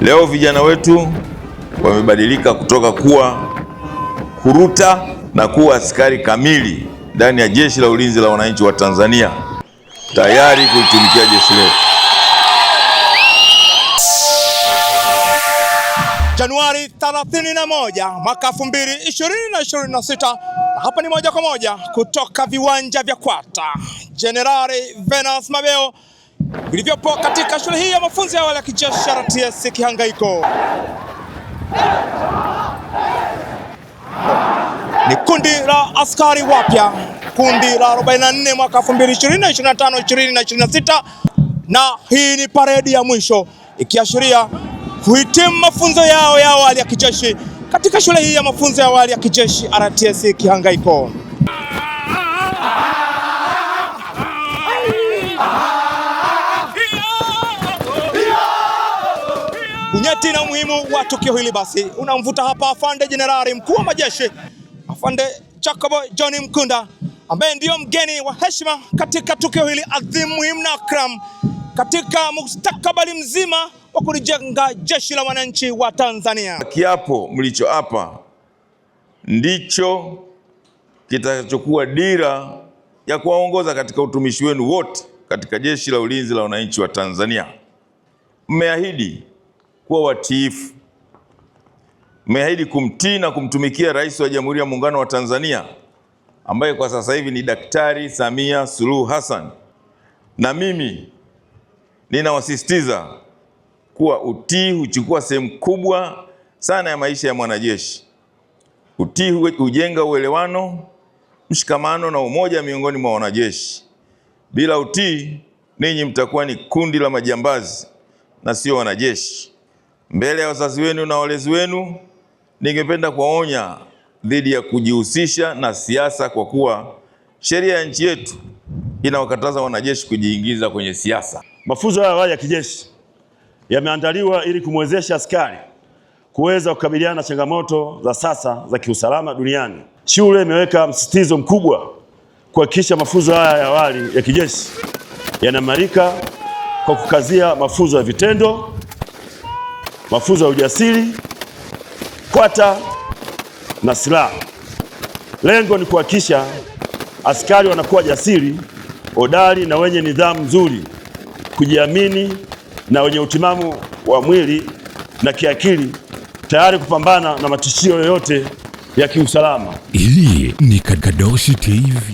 Leo vijana wetu wamebadilika kutoka kuwa kuruta na kuwa askari kamili ndani ya Jeshi la Ulinzi la Wananchi wa Tanzania, tayari kuitumikia jeshi letu. Januari 31 mwaka 2026, na hapa ni moja kwa moja kutoka viwanja vya Kwata. Jenerali Venance Mabeo vilivyopo katika shule hii ya mafunzo ya awali ya kijeshi RTS Kihangaiko. Ni kundi la askari wapya, kundi la 44 mwaka 2025 2026 20 na na hii ni paredi ya mwisho ikiashiria kuhitimu mafunzo yao ya awali ya kijeshi katika shule hii ya mafunzo ya awali ya kijeshi RTS Kihangaiko. muhimu wa tukio hili basi unamvuta hapa afande jenerali mkuu wa majeshi afande Chakobo John Mkunda ambaye ndiyo mgeni wa heshima katika tukio hili adhimu muhimu na akram katika mustakabali mzima wa kulijenga jeshi la wananchi wa Tanzania. Kiapo mlichoapa ndicho kitachokuwa dira ya kuwaongoza katika utumishi wenu wote katika jeshi la ulinzi la wananchi wa Tanzania. Mmeahidi kuwa watiifu. Mmeahidi kumtii na kumtumikia Rais wa Jamhuri ya Muungano wa Tanzania ambaye kwa sasa hivi ni Daktari Samia Suluhu Hassan, na mimi ninawasisitiza kuwa utii huchukua sehemu kubwa sana ya maisha ya mwanajeshi. Utii hujenga uelewano, mshikamano na umoja miongoni mwa wanajeshi. Bila utii, ninyi mtakuwa ni kundi la majambazi na sio wanajeshi mbele ya wazazi wenu na walezi wenu. Ningependa kuwaonya dhidi ya kujihusisha na siasa, kwa kuwa sheria ya nchi yetu inawakataza wanajeshi kujiingiza kwenye siasa. Mafunzo haya awali ya kijeshi yameandaliwa ili kumwezesha askari kuweza kukabiliana na changamoto za sasa za kiusalama duniani. Shule imeweka msisitizo mkubwa kuhakikisha mafunzo haya ya awali ya kijeshi yanamarika kwa kukazia mafunzo ya vitendo mafunzo ya ujasiri, kwata na silaha. Lengo ni kuhakikisha askari wanakuwa jasiri, hodari na wenye nidhamu nzuri, kujiamini na wenye utimamu wa mwili na kiakili, tayari kupambana na matishio yoyote ya kiusalama. Hii ni Kadoshi TV.